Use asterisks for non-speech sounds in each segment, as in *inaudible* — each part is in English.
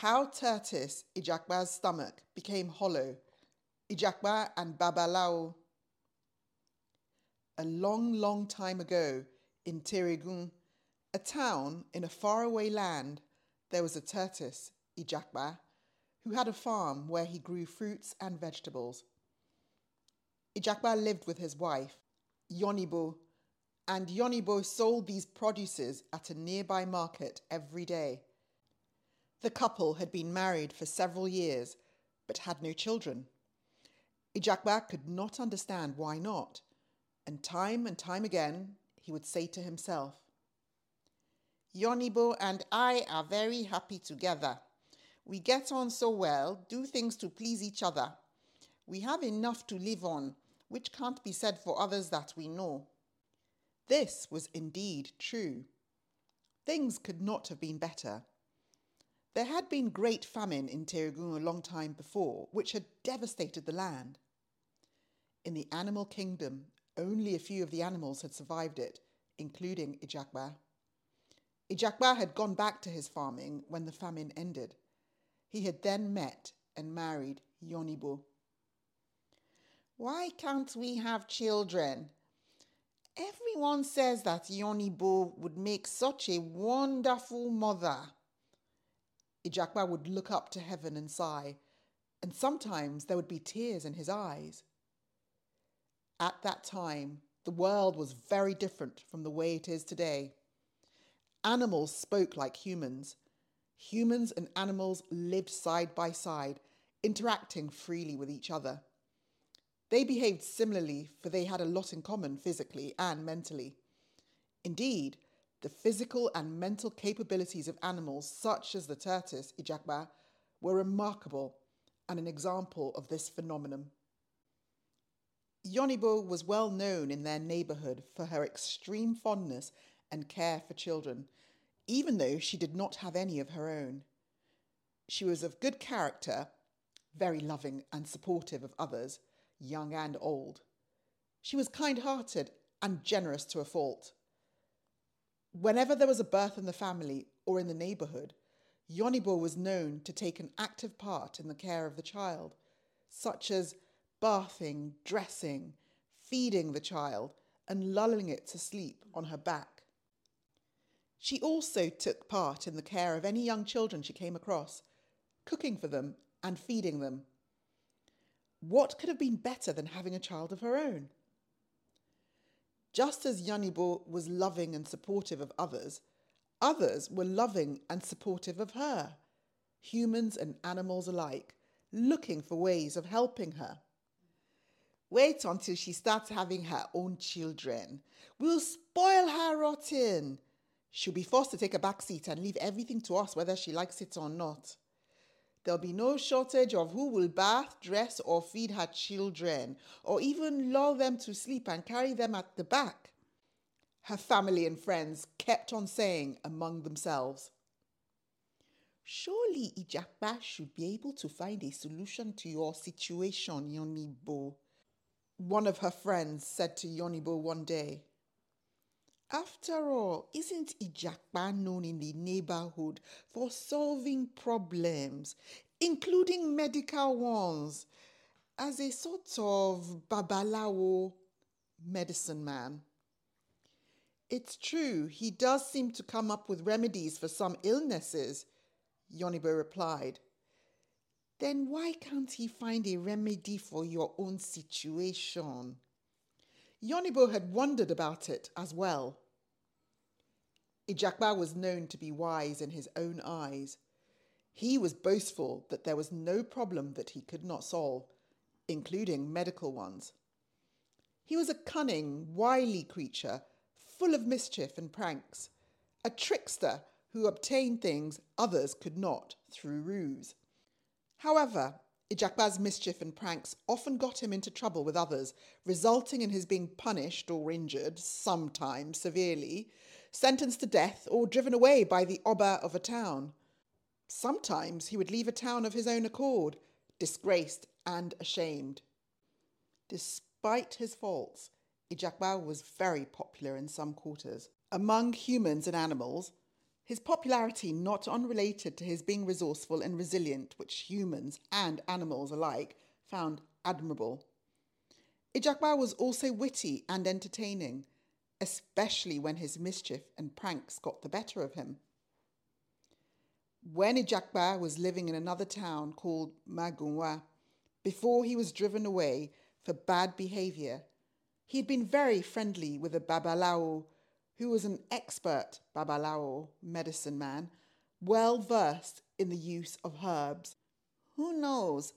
How Tertis, Ijakba's stomach, became hollow. Ijakba and Babalao. A long, long time ago, in Tirigun, a town in a faraway land, there was a tortoise, Ijakba, who had a farm where he grew fruits and vegetables. Ijakba lived with his wife, Yonibo, and Yonibo sold these produces at a nearby market every day. The couple had been married for several years but had no children. Ijakba could not understand why not, and time and time again he would say to himself, Yonibo and I are very happy together. We get on so well, do things to please each other. We have enough to live on, which can't be said for others that we know. This was indeed true. Things could not have been better there had been great famine in Terigun a long time before, which had devastated the land. In the animal kingdom, only a few of the animals had survived it, including Ijakwa. Ijakwa had gone back to his farming when the famine ended. He had then met and married Yonibo. Why can't we have children? Everyone says that Yonibo would make such a wonderful mother. Ijakwa would look up to heaven and sigh, and sometimes there would be tears in his eyes. At that time, the world was very different from the way it is today. Animals spoke like humans. Humans and animals lived side by side, interacting freely with each other. They behaved similarly, for they had a lot in common physically and mentally. Indeed, the physical and mental capabilities of animals such as the tortoise, Ijakba, were remarkable and an example of this phenomenon. Yonibo was well known in their neighbourhood for her extreme fondness and care for children, even though she did not have any of her own. She was of good character, very loving and supportive of others, young and old. She was kind hearted and generous to a fault. Whenever there was a birth in the family or in the neighbourhood, Yonibor was known to take an active part in the care of the child, such as bathing, dressing, feeding the child, and lulling it to sleep on her back. She also took part in the care of any young children she came across, cooking for them and feeding them. What could have been better than having a child of her own? Just as Yanibo was loving and supportive of others, others were loving and supportive of her, humans and animals alike, looking for ways of helping her. Wait until she starts having her own children. We'll spoil her rotten. She'll be forced to take a back seat and leave everything to us, whether she likes it or not. There'll be no shortage of who will bath, dress, or feed her children, or even lull them to sleep and carry them at the back. Her family and friends kept on saying among themselves. Surely Ijapa should be able to find a solution to your situation, Yonibo. One of her friends said to Yonibo one day. After all, isn't Ijakpa known in the neighborhood for solving problems, including medical ones, as a sort of babalawo medicine man? It's true, he does seem to come up with remedies for some illnesses, Yonibo replied. Then why can't he find a remedy for your own situation? Yonibo had wondered about it as well. Ijakba was known to be wise in his own eyes. He was boastful that there was no problem that he could not solve, including medical ones. He was a cunning, wily creature, full of mischief and pranks, a trickster who obtained things others could not through ruse. However, Ijakba's mischief and pranks often got him into trouble with others, resulting in his being punished or injured, sometimes severely, sentenced to death, or driven away by the Oba of a town. Sometimes he would leave a town of his own accord, disgraced and ashamed. Despite his faults, Ijakba was very popular in some quarters. Among humans and animals, his popularity, not unrelated to his being resourceful and resilient, which humans and animals alike found admirable. Ijakba was also witty and entertaining, especially when his mischief and pranks got the better of him. When Ijakba was living in another town called Magunwa, before he was driven away for bad behaviour, he had been very friendly with a Babalao who was an expert Babalao medicine man, well versed in the use of herbs. Who knows?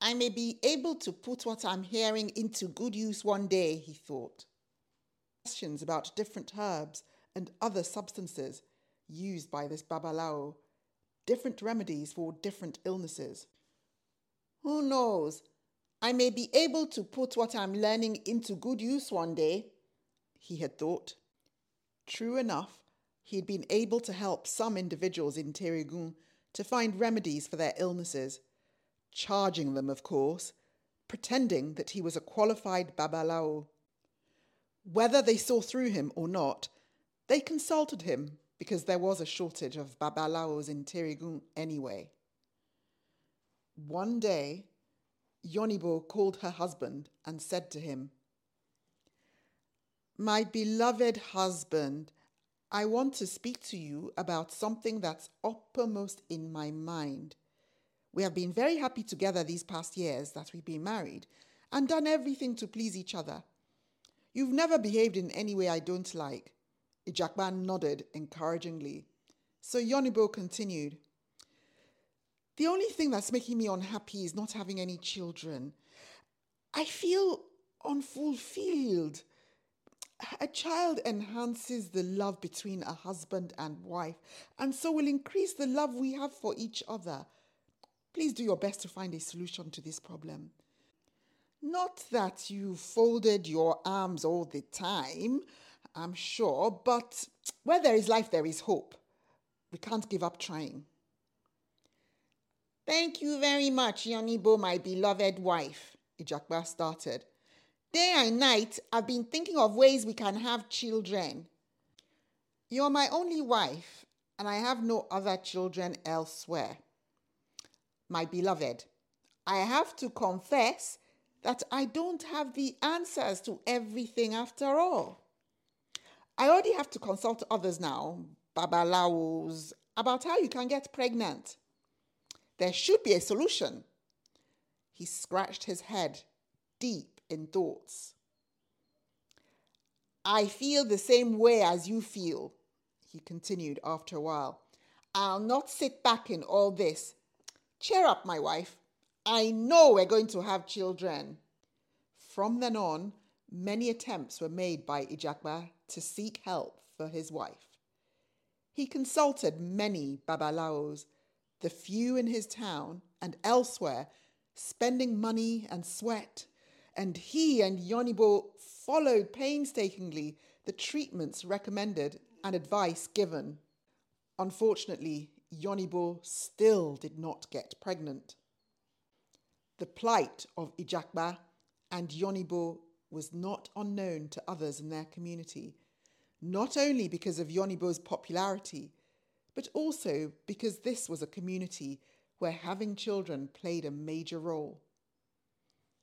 I may be able to put what I'm hearing into good use one day, he thought. Questions about different herbs and other substances used by this Babalao, different remedies for different illnesses. Who knows? I may be able to put what I'm learning into good use one day, he had thought. True enough, he had been able to help some individuals in Terigun to find remedies for their illnesses, charging them, of course, pretending that he was a qualified babalao. Whether they saw through him or not, they consulted him because there was a shortage of babalaos in Terigun anyway. One day, Yonibo called her husband and said to him, my beloved husband, I want to speak to you about something that's uppermost in my mind. We have been very happy together these past years that we've been married and done everything to please each other. You've never behaved in any way I don't like. Ijakban nodded encouragingly. So Yonibo continued. The only thing that's making me unhappy is not having any children. I feel unfulfilled a child enhances the love between a husband and wife, and so will increase the love we have for each other. Please do your best to find a solution to this problem. Not that you folded your arms all the time, I'm sure, but where there is life, there is hope. We can't give up trying. Thank you very much, Yonibo, my beloved wife, Ijakba started, Day and night, I've been thinking of ways we can have children. You're my only wife, and I have no other children elsewhere. My beloved, I have to confess that I don't have the answers to everything after all. I already have to consult others now, babalawos, about how you can get pregnant. There should be a solution. He scratched his head deep in thoughts. I feel the same way as you feel, he continued after a while. I'll not sit back in all this. Cheer up, my wife. I know we're going to have children. From then on, many attempts were made by Ijakba to seek help for his wife. He consulted many babalaos, the few in his town and elsewhere, spending money and sweat and he and Yonibo followed painstakingly the treatments recommended and advice given. Unfortunately, Yonibo still did not get pregnant. The plight of Ijakba and Yonibo was not unknown to others in their community, not only because of Yonibo's popularity, but also because this was a community where having children played a major role.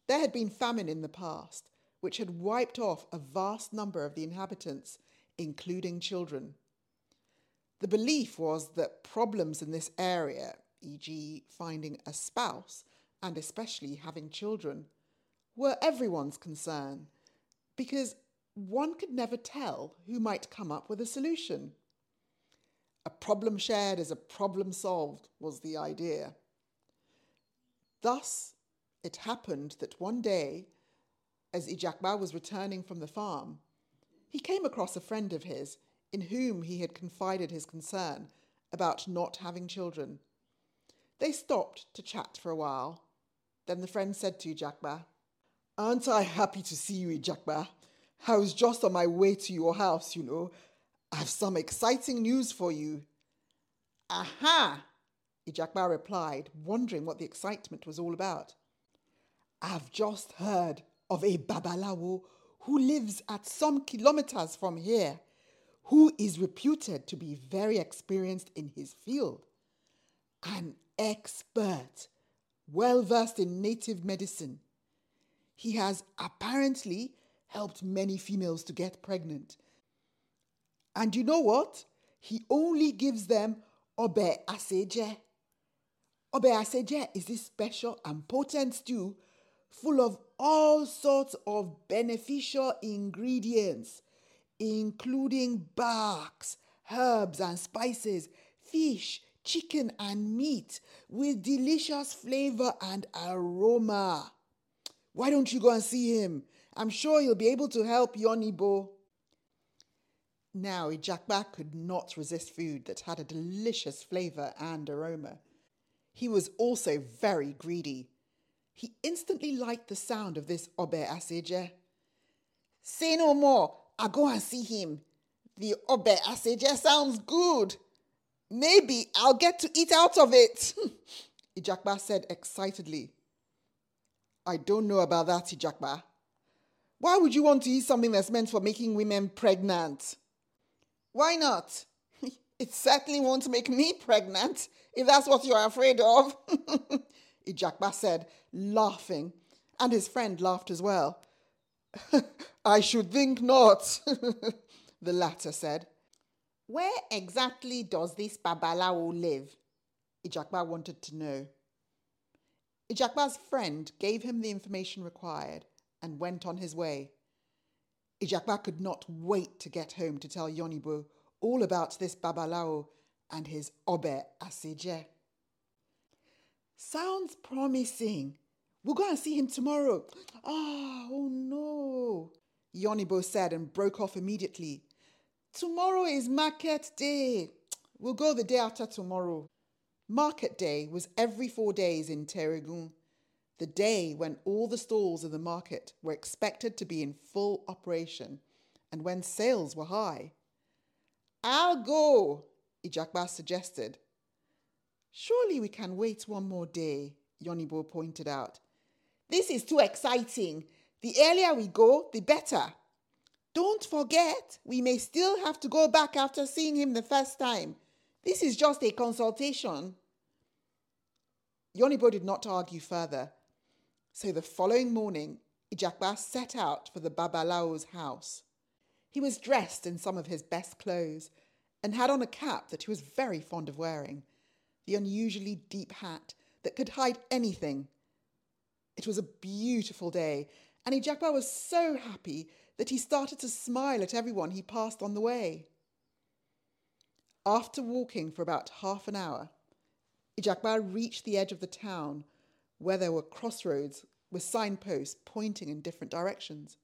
There had been famine in the past, which had wiped off a vast number of the inhabitants, including children. The belief was that problems in this area, e.g., finding a spouse and especially having children, were everyone's concern because one could never tell who might come up with a solution. A problem shared is a problem solved, was the idea. Thus, it happened that one day, as Ijakba was returning from the farm, he came across a friend of his in whom he had confided his concern about not having children. They stopped to chat for a while. Then the friend said to Ijakba, Aren't I happy to see you, Ijakba? I was just on my way to your house, you know. I've some exciting news for you. Aha! Ijakba replied, wondering what the excitement was all about. I've just heard of a Babalawo who lives at some kilometers from here, who is reputed to be very experienced in his field, an expert, well versed in native medicine. He has apparently helped many females to get pregnant. And you know what? He only gives them obe aseje. Obe aseje is this special and potent stew full of all sorts of beneficial ingredients, including barks, herbs and spices, fish, chicken and meat with delicious flavor and aroma. Why don't you go and see him? I'm sure he'll be able to help Yonibo. Now, Ijakba could not resist food that had a delicious flavor and aroma. He was also very greedy he instantly liked the sound of this Obe Aseje. Say no more, i go and see him. The Obe Aseje sounds good. Maybe I'll get to eat out of it, *laughs* Ijakba said excitedly. I don't know about that, Ijakba. Why would you want to eat something that's meant for making women pregnant? Why not? *laughs* it certainly won't make me pregnant, if that's what you're afraid of. *laughs* Ijakba said, laughing, and his friend laughed as well. *laughs* I should think not, *laughs* the latter said. Where exactly does this Babalawo live? Ijakba wanted to know. Ijakba's friend gave him the information required and went on his way. Ijakba could not wait to get home to tell Yonibo all about this Babalao and his Obe Asije. Sounds promising. We'll go and see him tomorrow. *gasps* Ah, oh, oh no, Yonibo said and broke off immediately. Tomorrow is market day. *tsk* We'll go the day after tomorrow. Market day was every four days in Teregun, the day when all the stalls in the market were expected to be in full operation and when sales were high. I'll go, Ijakba suggested, Surely we can wait one more day, Yonibo pointed out. This is too exciting. The earlier we go, the better. Don't forget, we may still have to go back after seeing him the first time. This is just a consultation. Yonibo did not argue further. So the following morning, Ijakba set out for the Babalao's house. He was dressed in some of his best clothes and had on a cap that he was very fond of wearing the unusually deep hat that could hide anything. It was a beautiful day, and Ijakba was so happy that he started to smile at everyone he passed on the way. After walking for about half an hour, Ijakba reached the edge of the town where there were crossroads with signposts pointing in different directions.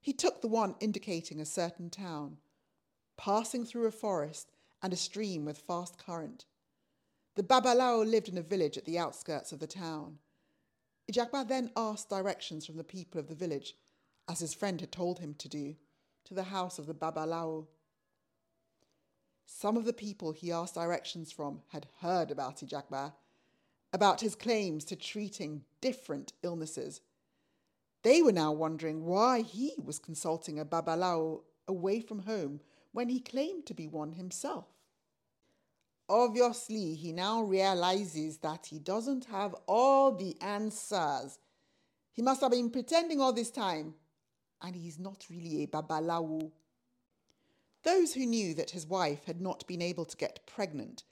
He took the one indicating a certain town, passing through a forest and a stream with fast current. The Babalao lived in a village at the outskirts of the town. Ijakba then asked directions from the people of the village, as his friend had told him to do, to the house of the Babalao. Some of the people he asked directions from had heard about Ijakba, about his claims to treating different illnesses. They were now wondering why he was consulting a Babalao away from home when he claimed to be one himself. Obviously, he now realizes that he doesn't have all the answers. He must have been pretending all this time, and he's not really a babalawo. Those who knew that his wife had not been able to get pregnant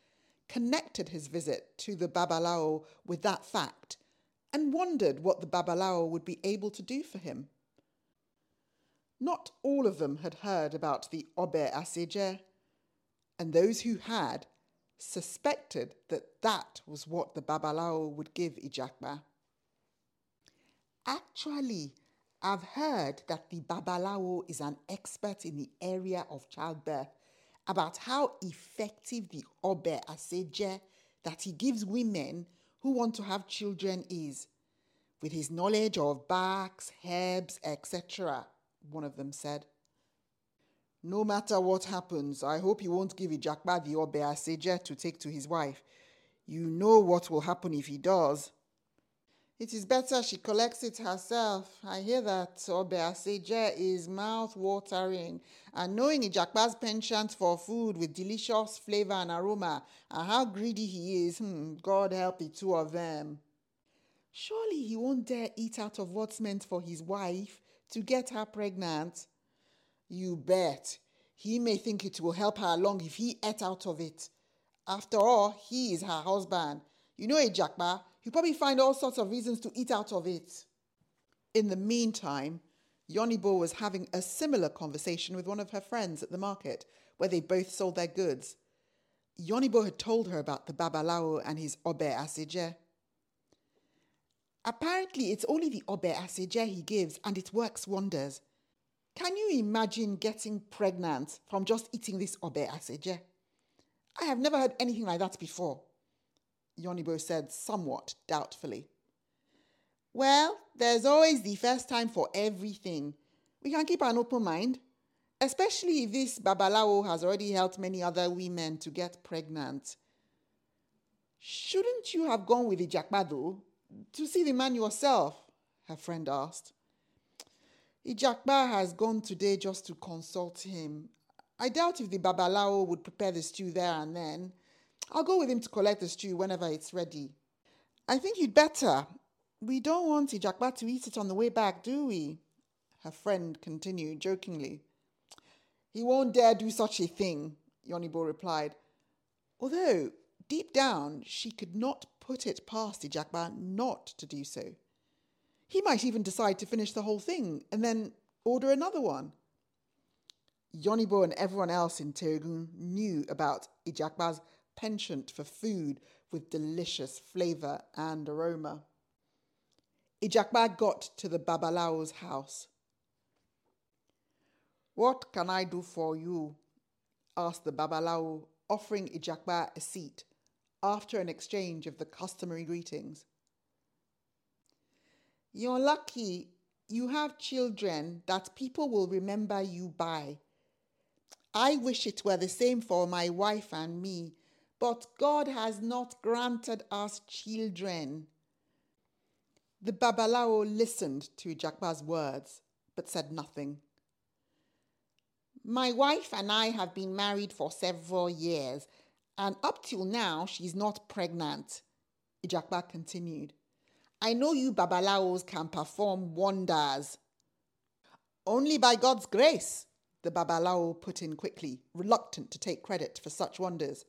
connected his visit to the babalao with that fact and wondered what the babalao would be able to do for him. Not all of them had heard about the Obe Asije, and those who had suspected that that was what the Babalao would give Ijakba. Actually, I've heard that the Babalao is an expert in the area of childbirth about how effective the Obe Aseje that he gives women who want to have children is, with his knowledge of backs, herbs, etc., one of them said. No matter what happens, I hope he won't give Ijakba the Obeaseje to take to his wife. You know what will happen if he does. It is better she collects it herself. I hear that Obeaseje is mouth-watering, and knowing Ijakba's penchant for food with delicious flavor and aroma, and how greedy he is, hmm, God help the two of them. Surely he won't dare eat out of what's meant for his wife to get her pregnant. You bet. He may think it will help her along if he ate out of it. After all, he is her husband. You know a jackba. he'll probably find all sorts of reasons to eat out of it. In the meantime, Yonibo was having a similar conversation with one of her friends at the market, where they both sold their goods. Yonibo had told her about the Babalao and his Obe Asije. Apparently, it's only the Obe Asije he gives, and it works wonders, can you imagine getting pregnant from just eating this obe aseje? I have never heard anything like that before, Yonibo said somewhat doubtfully. Well, there's always the first time for everything. We can keep an open mind, especially if this Babalawo has already helped many other women to get pregnant. Shouldn't you have gone with the Jakba, though, to see the man yourself? Her friend asked. Ijakba has gone today just to consult him. I doubt if the babalao would prepare the stew there and then. I'll go with him to collect the stew whenever it's ready. I think you'd better. We don't want Ijakba to eat it on the way back, do we? Her friend continued jokingly. He won't dare do such a thing, Yonibo replied. Although, deep down, she could not put it past Ijakba not to do so. He might even decide to finish the whole thing and then order another one. Yonibo and everyone else in Terugun knew about Ijakba's penchant for food with delicious flavour and aroma. Ijakba got to the Babalao's house. What can I do for you? asked the Babalao, offering Ijakba a seat after an exchange of the customary greetings. You're lucky you have children that people will remember you by. I wish it were the same for my wife and me, but God has not granted us children. The Babalao listened to Jakba's words, but said nothing. My wife and I have been married for several years, and up till now she's not pregnant, Ijakba continued. I know you babalawos can perform wonders. Only by God's grace, the babalao put in quickly, reluctant to take credit for such wonders.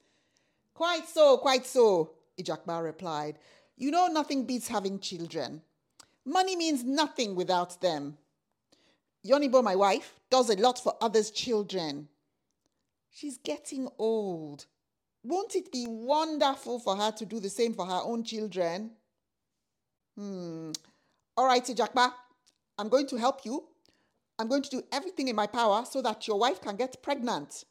Quite so, quite so, Ijakba replied. You know nothing beats having children. Money means nothing without them. Yonibo, my wife, does a lot for others' children. She's getting old. Won't it be wonderful for her to do the same for her own children? Hmm. All righty, Jakba, I'm going to help you. I'm going to do everything in my power so that your wife can get pregnant.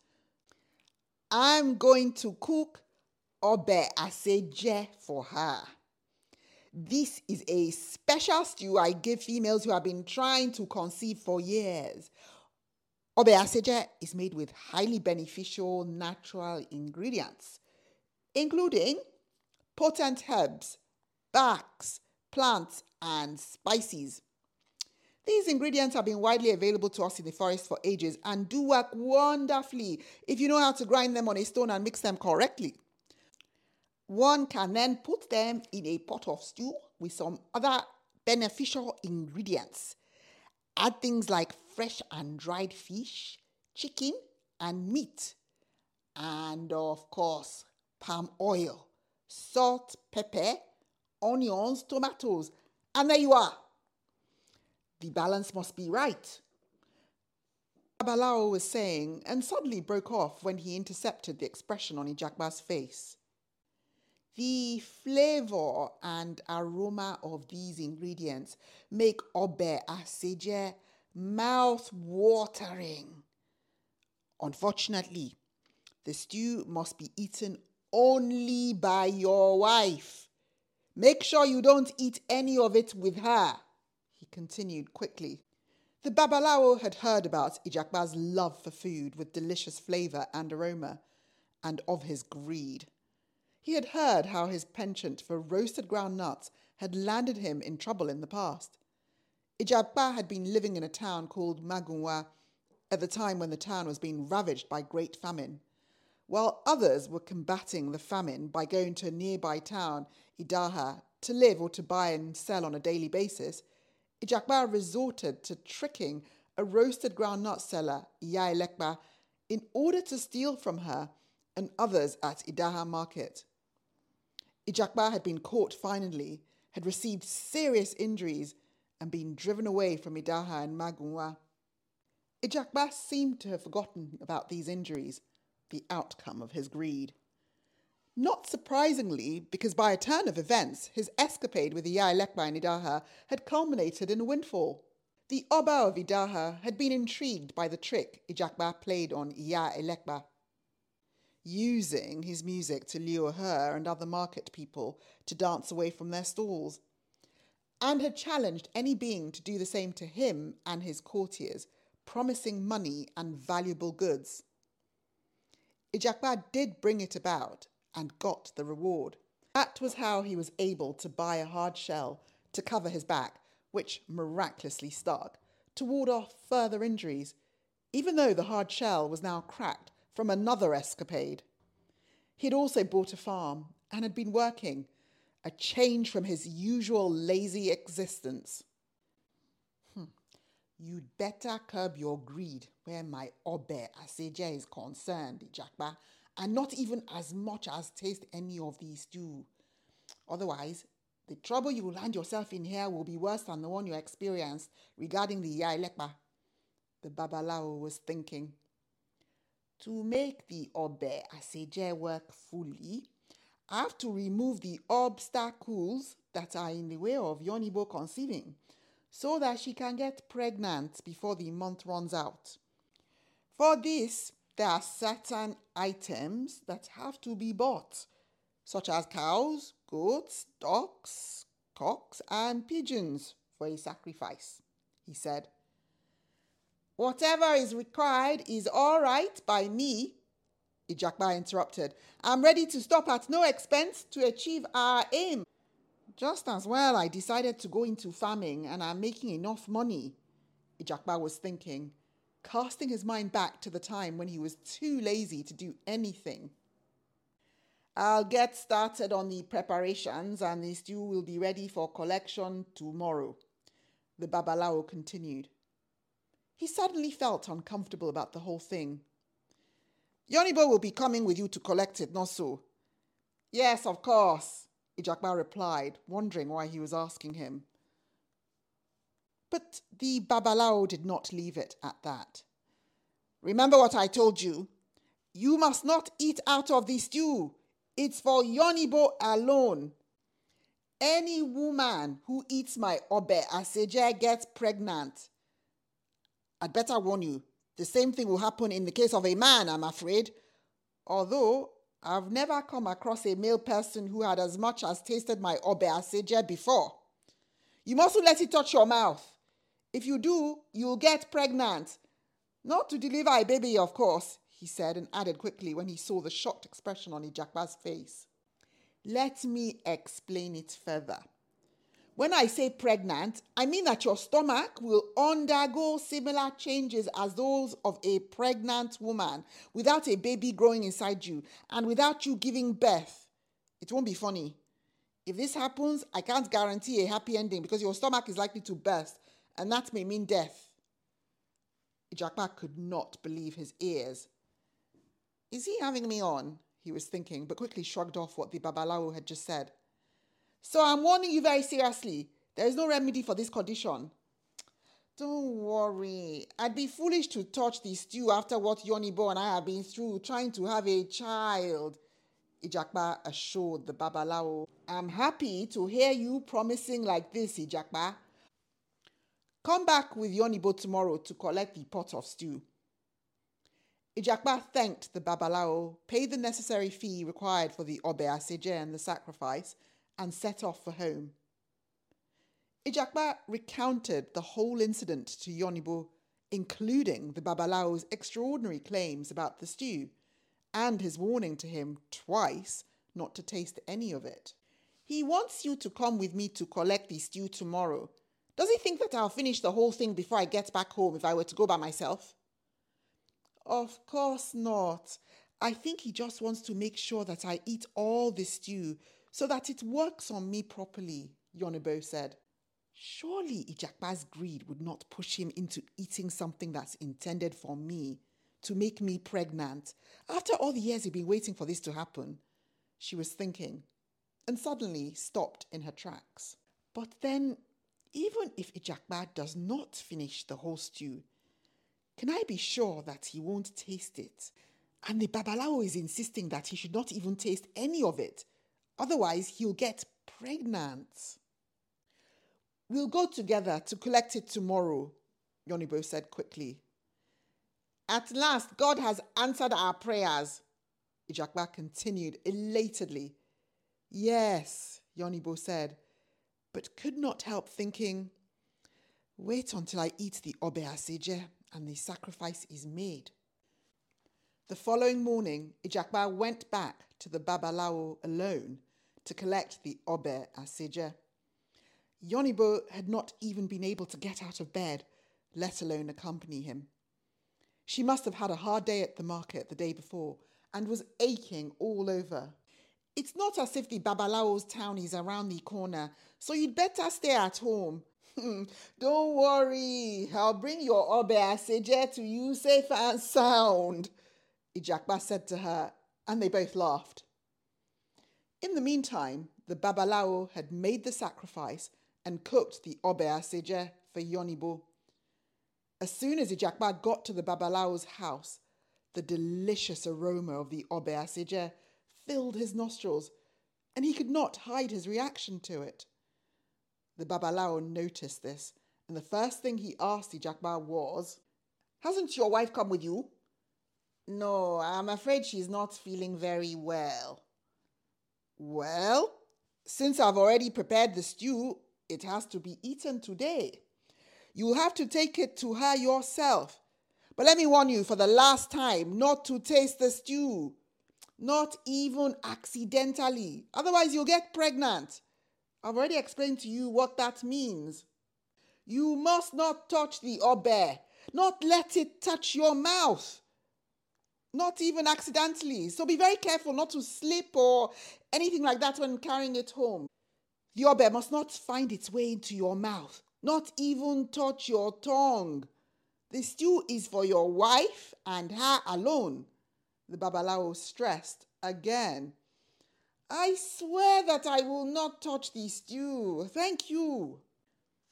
I'm going to cook obe asaje for her. This is a special stew I give females who have been trying to conceive for years. Obe asaje is made with highly beneficial natural ingredients, including potent herbs, barks, plants, and spices. These ingredients have been widely available to us in the forest for ages and do work wonderfully if you know how to grind them on a stone and mix them correctly. One can then put them in a pot of stew with some other beneficial ingredients. Add things like fresh and dried fish, chicken, and meat. And of course, palm oil, salt, pepper, onions, tomatoes, and there you are. The balance must be right. Abalao was saying and suddenly broke off when he intercepted the expression on Ijakba's face. The flavor and aroma of these ingredients make obe aseje mouth watering. Unfortunately, the stew must be eaten only by your wife. Make sure you don't eat any of it with her, he continued quickly. The Babalawo had heard about Ijakba's love for food with delicious flavour and aroma, and of his greed. He had heard how his penchant for roasted ground nuts had landed him in trouble in the past. Ijabba had been living in a town called Magunwa at the time when the town was being ravaged by great famine while others were combating the famine by going to a nearby town, Idaha, to live or to buy and sell on a daily basis, Ijakbar resorted to tricking a roasted groundnut seller, Iyailekba, in order to steal from her and others at Idaha market. Ijakbar had been caught finally, had received serious injuries, and been driven away from Idaha and Magunwa. Ijakbar seemed to have forgotten about these injuries – the outcome of his greed. Not surprisingly, because by a turn of events, his escapade with the in Idaha had culminated in a windfall. The Oba of Idaha had been intrigued by the trick Ijakba played on Iya using his music to lure her and other market people to dance away from their stalls, and had challenged any being to do the same to him and his courtiers, promising money and valuable goods. Ijakba did bring it about and got the reward. That was how he was able to buy a hard shell to cover his back, which miraculously stuck, to ward off further injuries, even though the hard shell was now cracked from another escapade. He had also bought a farm and had been working, a change from his usual lazy existence. You'd better curb your greed where my Obe Aseja is concerned, Ijakba, and not even as much as taste any of these two. Otherwise, the trouble you will land yourself in here will be worse than the one you experienced regarding the Yailekpa, the Babalao was thinking. To make the Obe Aseje work fully, I have to remove the obstacles that are in the way of Yonibo conceiving so that she can get pregnant before the month runs out. For this, there are certain items that have to be bought, such as cows, goats, ducks, cocks, and pigeons for a sacrifice, he said. Whatever is required is all right by me, Ijakba interrupted. I'm ready to stop at no expense to achieve our aim. Just as well I decided to go into farming and I'm making enough money, Ijakba was thinking, casting his mind back to the time when he was too lazy to do anything. I'll get started on the preparations and the stew will be ready for collection tomorrow, the Babalao continued. He suddenly felt uncomfortable about the whole thing. Yonibo will be coming with you to collect it, not so. Yes, of course, Ijakma replied, wondering why he was asking him. But the Babalao did not leave it at that. Remember what I told you. You must not eat out of the stew. It's for Yonibo alone. Any woman who eats my obe aseje gets pregnant. I'd better warn you, the same thing will happen in the case of a man, I'm afraid. Although I've never come across a male person who had as much as tasted my obeaseje before. You mustn't let it touch your mouth. If you do, you'll get pregnant. Not to deliver a baby, of course, he said and added quickly when he saw the shocked expression on Ijakwa's face. Let me explain it further. When I say pregnant, I mean that your stomach will undergo similar changes as those of a pregnant woman without a baby growing inside you and without you giving birth. It won't be funny. If this happens, I can't guarantee a happy ending because your stomach is likely to burst and that may mean death. Ijakma could not believe his ears. Is he having me on? He was thinking, but quickly shrugged off what the Babalawo had just said. So I'm warning you very seriously. There is no remedy for this condition. Don't worry. I'd be foolish to touch the stew after what Yonibo and I have been through trying to have a child. Ijakpa assured the Babalao. I'm happy to hear you promising like this, Ijakpa. Come back with Yonibo tomorrow to collect the pot of stew. Ijakpa thanked the Babalao, paid the necessary fee required for the Obe Aseje and the sacrifice, and set off for home. Ijakba recounted the whole incident to Yonibo, including the Babalao's extraordinary claims about the stew and his warning to him twice not to taste any of it. He wants you to come with me to collect the stew tomorrow. Does he think that I'll finish the whole thing before I get back home if I were to go by myself? Of course not. I think he just wants to make sure that I eat all the stew so that it works on me properly, Yonobo said. Surely Ijakba's greed would not push him into eating something that's intended for me to make me pregnant after all the years he'd been waiting for this to happen, she was thinking, and suddenly stopped in her tracks. But then, even if Ijakba does not finish the whole stew, can I be sure that he won't taste it? And the babalawo is insisting that he should not even taste any of it Otherwise, he'll get pregnant. We'll go together to collect it tomorrow, Yonibo said quickly. At last, God has answered our prayers, Ijakba continued elatedly. Yes, Yonibo said, but could not help thinking, wait until I eat the obe aseje and the sacrifice is made. The following morning, Ijakba went back to the Babalao alone to collect the obe asija. Yonibo had not even been able to get out of bed, let alone accompany him. She must have had a hard day at the market the day before and was aching all over. It's not as if the Babalao's town is around the corner, so you'd better stay at home. *laughs* Don't worry, I'll bring your obe asije to you safe and sound, Ijakba said to her, and they both laughed. In the meantime, the Babalao had made the sacrifice and cooked the obeaseje for Yonibo. As soon as Ijakba got to the Babalao's house, the delicious aroma of the obeaseje filled his nostrils, and he could not hide his reaction to it. The Babalao noticed this, and the first thing he asked Ijakba was, Hasn't your wife come with you? No, I'm afraid she's not feeling very well, well, since I've already prepared the stew, it has to be eaten today. You'll have to take it to her yourself. But let me warn you for the last time not to taste the stew, not even accidentally. Otherwise, you'll get pregnant. I've already explained to you what that means. You must not touch the obe, not let it touch your mouth not even accidentally. So be very careful not to slip or anything like that when carrying it home. The obe must not find its way into your mouth, not even touch your tongue. The stew is for your wife and her alone, the Babalawo stressed again. I swear that I will not touch the stew. Thank you.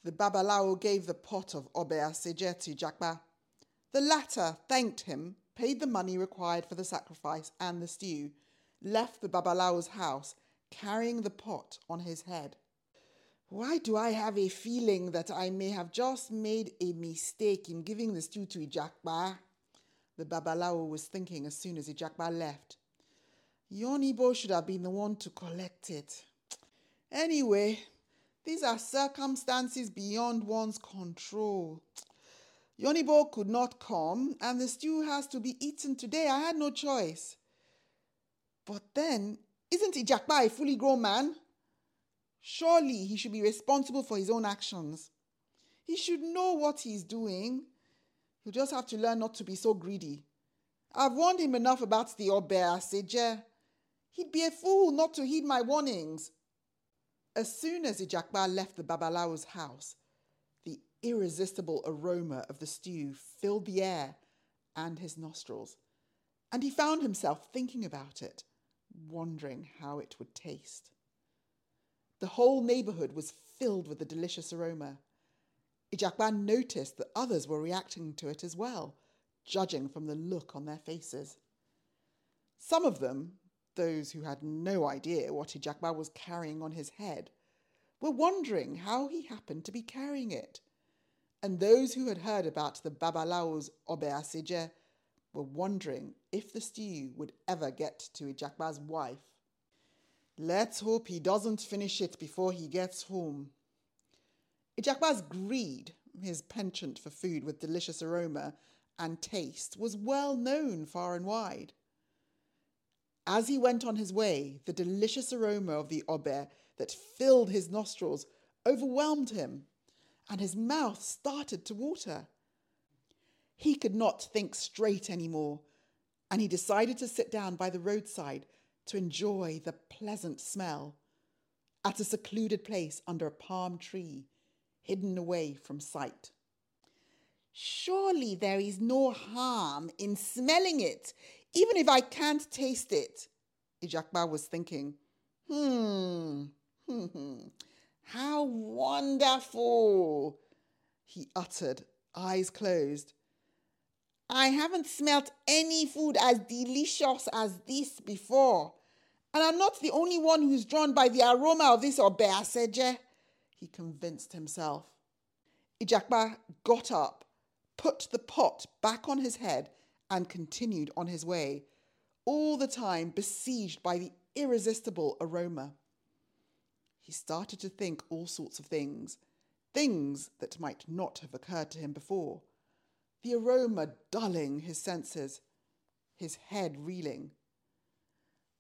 The Babalao gave the pot of obe asije to The latter thanked him paid the money required for the sacrifice and the stew, left the Babalao's house, carrying the pot on his head. Why do I have a feeling that I may have just made a mistake in giving the stew to Ijakba? The Babalao was thinking as soon as Ijakba left. Yonibo should have been the one to collect it. Anyway, these are circumstances beyond one's control. Yonibo could not come, and the stew has to be eaten today. I had no choice. But then, isn't Ijakpa a fully grown man? Surely he should be responsible for his own actions. He should know what he's doing. He'll just have to learn not to be so greedy. I've warned him enough about the Obeah Seje. He'd be a fool not to heed my warnings. As soon as Ijakba left the Babalawo's house, irresistible aroma of the stew filled the air and his nostrils, and he found himself thinking about it, wondering how it would taste. The whole neighbourhood was filled with the delicious aroma. Ijakban noticed that others were reacting to it as well, judging from the look on their faces. Some of them, those who had no idea what Ijakban was carrying on his head, were wondering how he happened to be carrying it and those who had heard about the Babalao's Obeasije were wondering if the stew would ever get to Ijakba's wife. Let's hope he doesn't finish it before he gets home. Ijakba's greed, his penchant for food with delicious aroma and taste, was well known far and wide. As he went on his way, the delicious aroma of the obe that filled his nostrils overwhelmed him and his mouth started to water. He could not think straight any more, and he decided to sit down by the roadside to enjoy the pleasant smell at a secluded place under a palm tree, hidden away from sight. Surely there is no harm in smelling it, even if I can't taste it, Ijakba was thinking. hmm, hmm. hmm. How wonderful! he uttered, eyes closed. I haven't smelt any food as delicious as this before. And I'm not the only one who's drawn by the aroma of this obeaseje, he convinced himself. Ijakba got up, put the pot back on his head, and continued on his way, all the time besieged by the irresistible aroma he started to think all sorts of things, things that might not have occurred to him before. The aroma dulling his senses, his head reeling.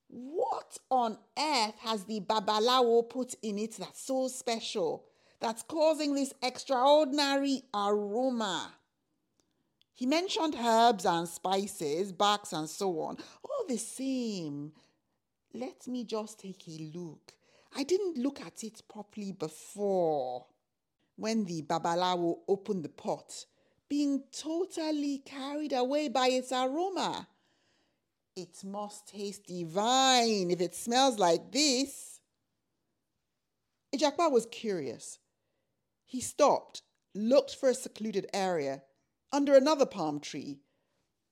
What on earth has the babalawo put in it that's so special, that's causing this extraordinary aroma? He mentioned herbs and spices, barks and so on, all the same. Let me just take a look I didn't look at it properly before when the babalawo opened the pot, being totally carried away by its aroma. It must taste divine if it smells like this. Ijakba was curious. He stopped, looked for a secluded area under another palm tree,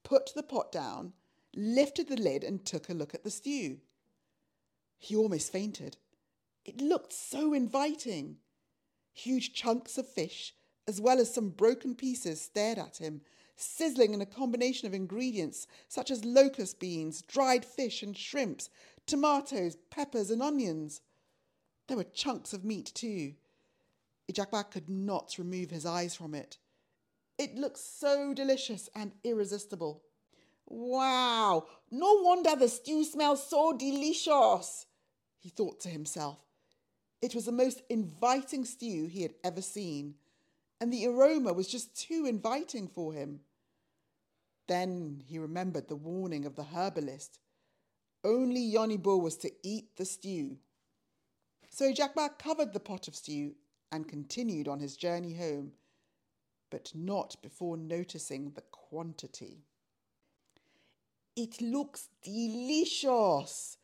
put the pot down, lifted the lid, and took a look at the stew. He almost fainted. It looked so inviting. Huge chunks of fish, as well as some broken pieces, stared at him, sizzling in a combination of ingredients such as locust beans, dried fish and shrimps, tomatoes, peppers, and onions. There were chunks of meat too. Ijakba could not remove his eyes from it. It looked so delicious and irresistible. Wow, no wonder the stew smells so delicious, he thought to himself it was the most inviting stew he had ever seen, and the aroma was just too inviting for him. Then he remembered the warning of the herbalist. Only Bo was to eat the stew. So Jakba covered the pot of stew and continued on his journey home, but not before noticing the quantity. It looks delicious,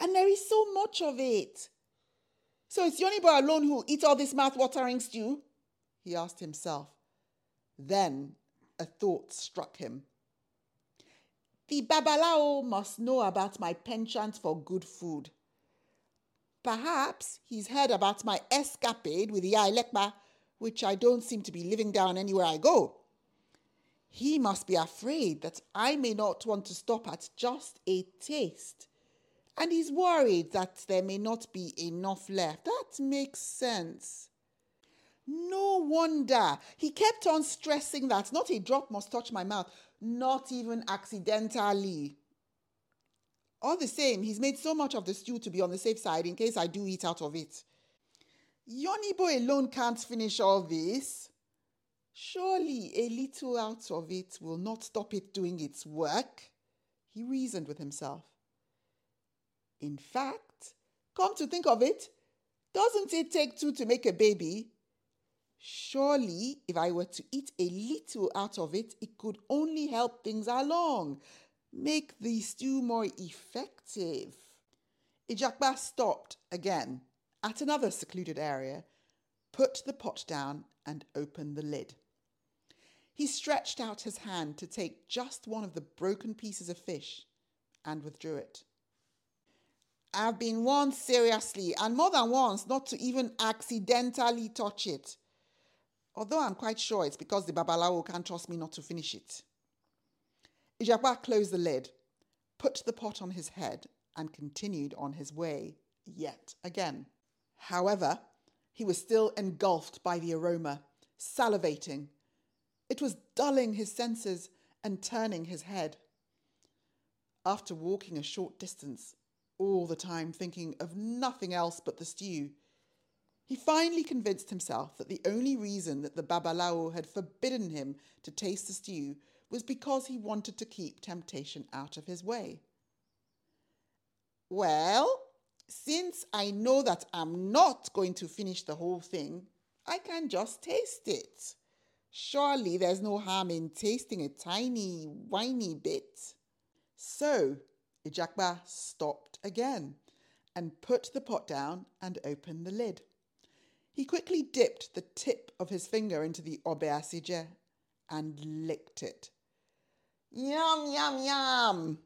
and there is so much of it, so it's Yonibo alone who eat all this mouth-watering stew? He asked himself. Then a thought struck him. The Babalao must know about my penchant for good food. Perhaps he's heard about my escapade with Yailekba, which I don't seem to be living down anywhere I go. He must be afraid that I may not want to stop at just a taste and he's worried that there may not be enough left. That makes sense. No wonder. He kept on stressing that not a drop must touch my mouth, not even accidentally. All the same, he's made so much of the stew to be on the safe side in case I do eat out of it. boy alone can't finish all this. Surely a little out of it will not stop it doing its work. He reasoned with himself. In fact, come to think of it, doesn't it take two to make a baby? Surely, if I were to eat a little out of it, it could only help things along, make the stew more effective. Ijakba stopped again at another secluded area, put the pot down, and opened the lid. He stretched out his hand to take just one of the broken pieces of fish and withdrew it. I've been warned seriously and more than once not to even accidentally touch it. Although I'm quite sure it's because the Babalawo can't trust me not to finish it. Ijapa closed the lid, put the pot on his head, and continued on his way yet again. However, he was still engulfed by the aroma, salivating. It was dulling his senses and turning his head. After walking a short distance, all the time thinking of nothing else but the stew. He finally convinced himself that the only reason that the Babalao had forbidden him to taste the stew was because he wanted to keep temptation out of his way. Well, since I know that I'm not going to finish the whole thing, I can just taste it. Surely there's no harm in tasting a tiny, whiny bit. So Ijakba stopped again and put the pot down and opened the lid. He quickly dipped the tip of his finger into the obeasije, and licked it. Yum, yum, yum!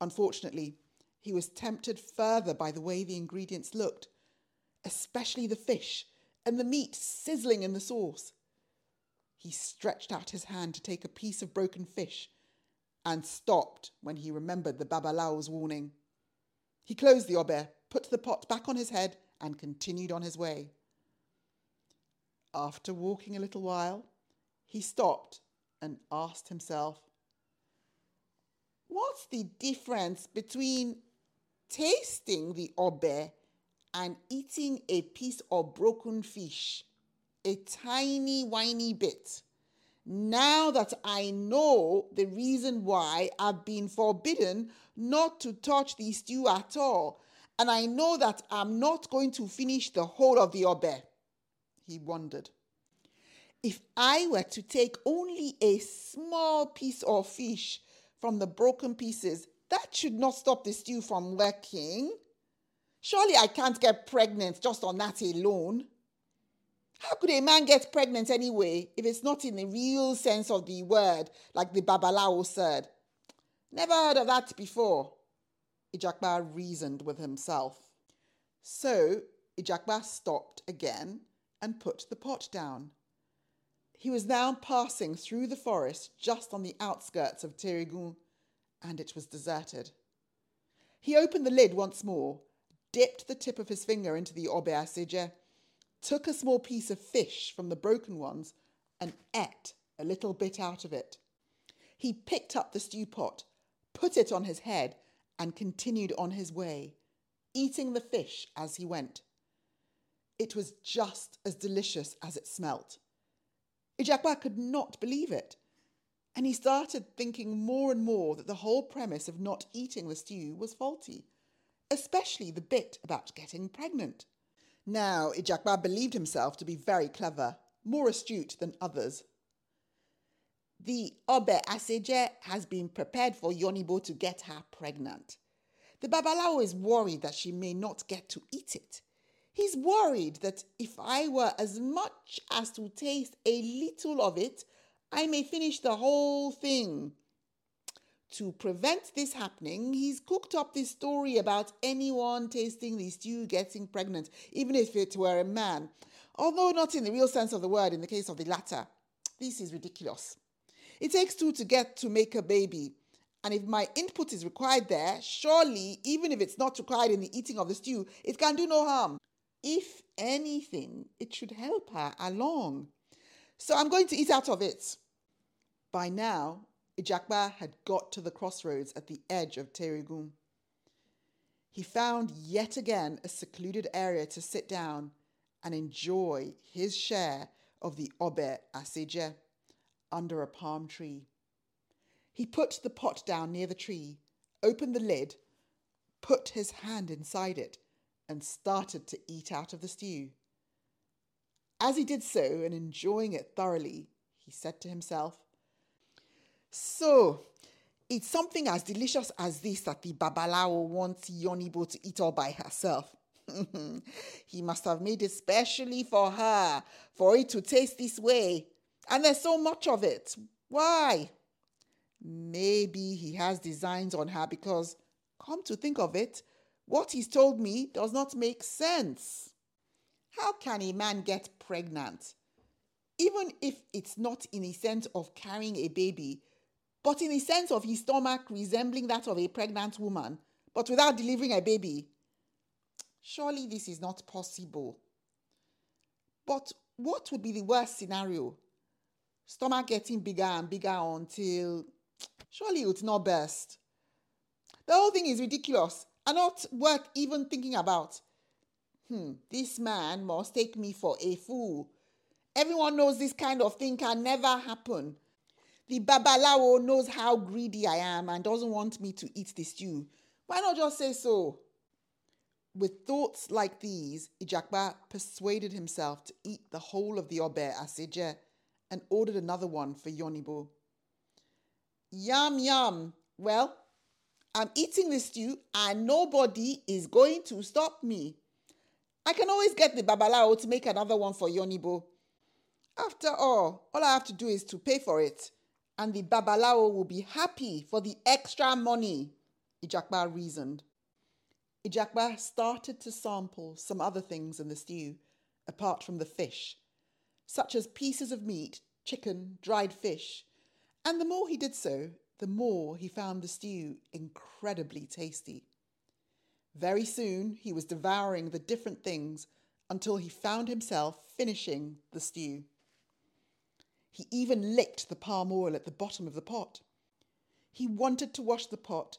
Unfortunately, he was tempted further by the way the ingredients looked, especially the fish and the meat sizzling in the sauce. He stretched out his hand to take a piece of broken fish and stopped when he remembered the Babalao's warning. He closed the obe, put the pot back on his head, and continued on his way. After walking a little while, he stopped and asked himself, What's the difference between tasting the obe and eating a piece of broken fish? A tiny, whiny bit. Now that I know the reason why I've been forbidden not to touch the stew at all, and I know that I'm not going to finish the whole of the obe, he wondered. If I were to take only a small piece of fish from the broken pieces, that should not stop the stew from working. Surely I can't get pregnant just on that alone. How could a man get pregnant anyway if it's not in the real sense of the word, like the Babalao said? Never heard of that before, Ijakba reasoned with himself. So Ijakba stopped again and put the pot down. He was now passing through the forest just on the outskirts of Terigun, and it was deserted. He opened the lid once more, dipped the tip of his finger into the obeaseje, took a small piece of fish from the broken ones and ate a little bit out of it. He picked up the stew pot, put it on his head, and continued on his way, eating the fish as he went. It was just as delicious as it smelt. Ijakwa could not believe it, and he started thinking more and more that the whole premise of not eating the stew was faulty, especially the bit about getting pregnant. Now, Ijakba believed himself to be very clever, more astute than others. The Obe Aseje has been prepared for Yonibo to get her pregnant. The Babalawo is worried that she may not get to eat it. He's worried that if I were as much as to taste a little of it, I may finish the whole thing to prevent this happening, he's cooked up this story about anyone tasting the stew getting pregnant, even if it were a man, although not in the real sense of the word in the case of the latter. This is ridiculous. It takes two to get to make a baby. And if my input is required there, surely, even if it's not required in the eating of the stew, it can do no harm. If anything, it should help her along. So I'm going to eat out of it. By now, Ijakba had got to the crossroads at the edge of Terigum. He found yet again a secluded area to sit down and enjoy his share of the Obe Asije under a palm tree. He put the pot down near the tree, opened the lid, put his hand inside it, and started to eat out of the stew. As he did so and enjoying it thoroughly, he said to himself, so it's something as delicious as this that the Babalawo wants Yonibo to eat all by herself. *laughs* he must have made it specially for her, for it to taste this way. And there's so much of it. Why? Maybe he has designs on her because, come to think of it, what he's told me does not make sense. How can a man get pregnant? Even if it's not in a sense of carrying a baby, but in the sense of his stomach resembling that of a pregnant woman, but without delivering a baby. Surely this is not possible. But what would be the worst scenario? Stomach getting bigger and bigger until surely it would not burst. The whole thing is ridiculous and not worth even thinking about. Hmm, this man must take me for a fool. Everyone knows this kind of thing can never happen. The babalawo knows how greedy I am and doesn't want me to eat the stew. Why not just say so? With thoughts like these, Ijakba persuaded himself to eat the whole of the obe asije and ordered another one for Yonibo. Yum, yum. Well, I'm eating the stew and nobody is going to stop me. I can always get the babalao to make another one for Yonibo. After all, all I have to do is to pay for it and the Babalao will be happy for the extra money, Ijakba reasoned. Ijakba started to sample some other things in the stew, apart from the fish, such as pieces of meat, chicken, dried fish, and the more he did so, the more he found the stew incredibly tasty. Very soon he was devouring the different things until he found himself finishing the stew. He even licked the palm oil at the bottom of the pot. He wanted to wash the pot,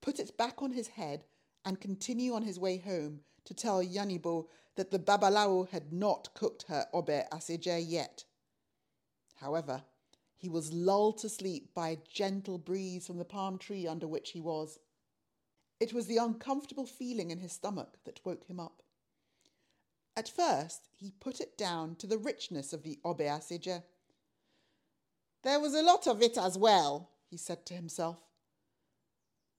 put it back on his head, and continue on his way home to tell Yanibo that the babalawo had not cooked her obe aseje yet. However, he was lulled to sleep by a gentle breeze from the palm tree under which he was. It was the uncomfortable feeling in his stomach that woke him up. At first, he put it down to the richness of the obe aseje. There was a lot of it as well, he said to himself.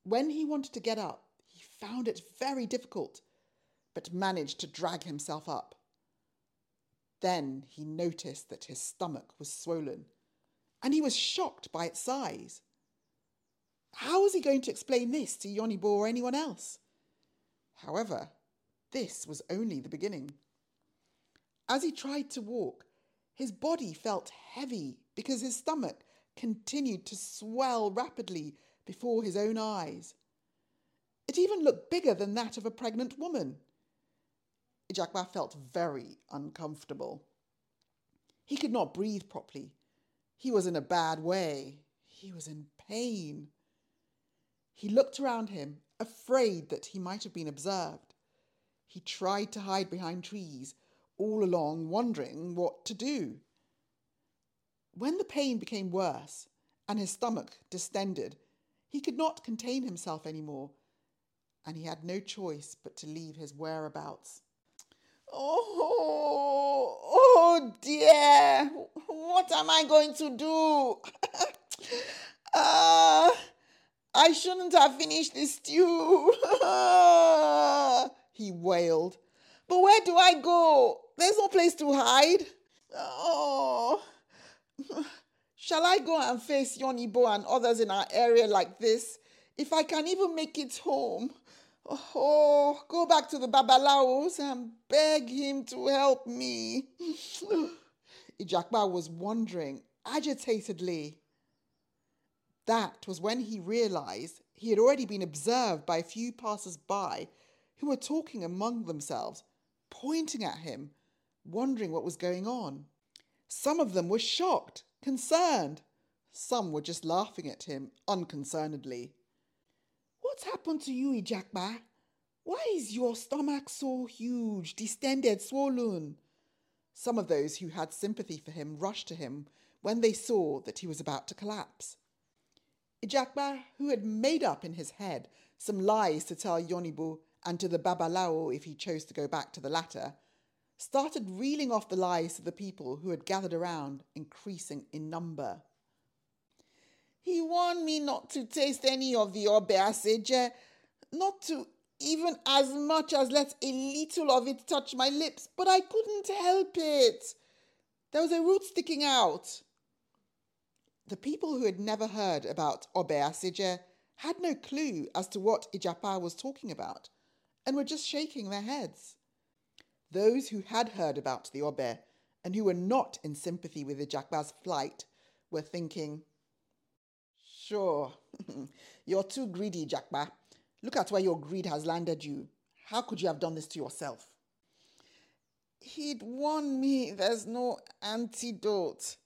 When he wanted to get up, he found it very difficult, but managed to drag himself up. Then he noticed that his stomach was swollen, and he was shocked by its size. How was he going to explain this to Yonibor or anyone else? However, this was only the beginning. As he tried to walk, his body felt heavy because his stomach continued to swell rapidly before his own eyes. It even looked bigger than that of a pregnant woman. Ijakba felt very uncomfortable. He could not breathe properly. He was in a bad way. He was in pain. He looked around him, afraid that he might have been observed. He tried to hide behind trees, all along wondering what to do. When the pain became worse and his stomach distended, he could not contain himself any more, and he had no choice but to leave his whereabouts. Oh, oh dear, what am I going to do? uh, *laughs* I shouldn't have finished this stew, *laughs* he wailed. But where do I go? There's no place to hide. Oh. Shall I go and face Yonibo and others in our area like this? If I can even make it home, oh, go back to the Babalawos and beg him to help me. *sighs* Ijakba was wondering agitatedly. That was when he realized he had already been observed by a few passers by who were talking among themselves, pointing at him, wondering what was going on. Some of them were shocked, concerned. Some were just laughing at him unconcernedly. What's happened to you, Ijakba? Why is your stomach so huge, distended, swollen? Some of those who had sympathy for him rushed to him when they saw that he was about to collapse. Ijakba, who had made up in his head some lies to tell Yonibu and to the Babalao if he chose to go back to the latter, started reeling off the lives of the people who had gathered around, increasing in number. He warned me not to taste any of the obeasage, eh? not to even as much as let a little of it touch my lips, but I couldn't help it. There was a root sticking out. The people who had never heard about obeasage eh, had no clue as to what Ijapa was talking about and were just shaking their heads. Those who had heard about the Obe and who were not in sympathy with the Jackba's flight were thinking, Sure, *laughs* you're too greedy, Jackba. Look at where your greed has landed you. How could you have done this to yourself? He'd warned me there's no antidote,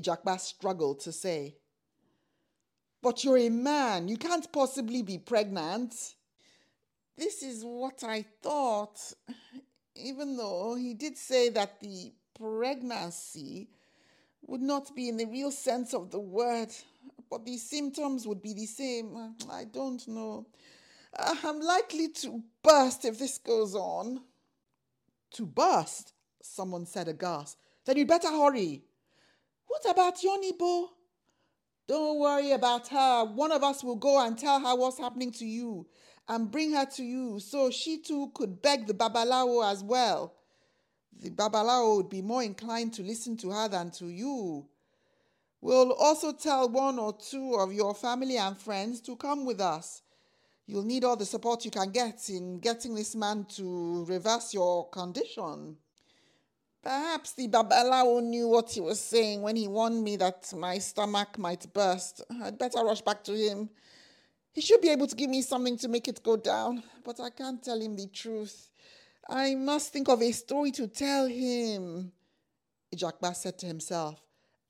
Ijakba struggled to say. But you're a man. You can't possibly be pregnant. This is what I thought even though he did say that the pregnancy would not be in the real sense of the word, but the symptoms would be the same. I don't know. Uh, I'm likely to burst if this goes on. To burst? Someone said aghast. Then you'd better hurry. What about Yonibo? Don't worry about her. One of us will go and tell her what's happening to you and bring her to you so she too could beg the Babalawo as well. The Babalawo would be more inclined to listen to her than to you. We'll also tell one or two of your family and friends to come with us. You'll need all the support you can get in getting this man to reverse your condition. Perhaps the Babalawo knew what he was saying when he warned me that my stomach might burst. I'd better rush back to him. He should be able to give me something to make it go down, but I can't tell him the truth. I must think of a story to tell him. Ijakba said to himself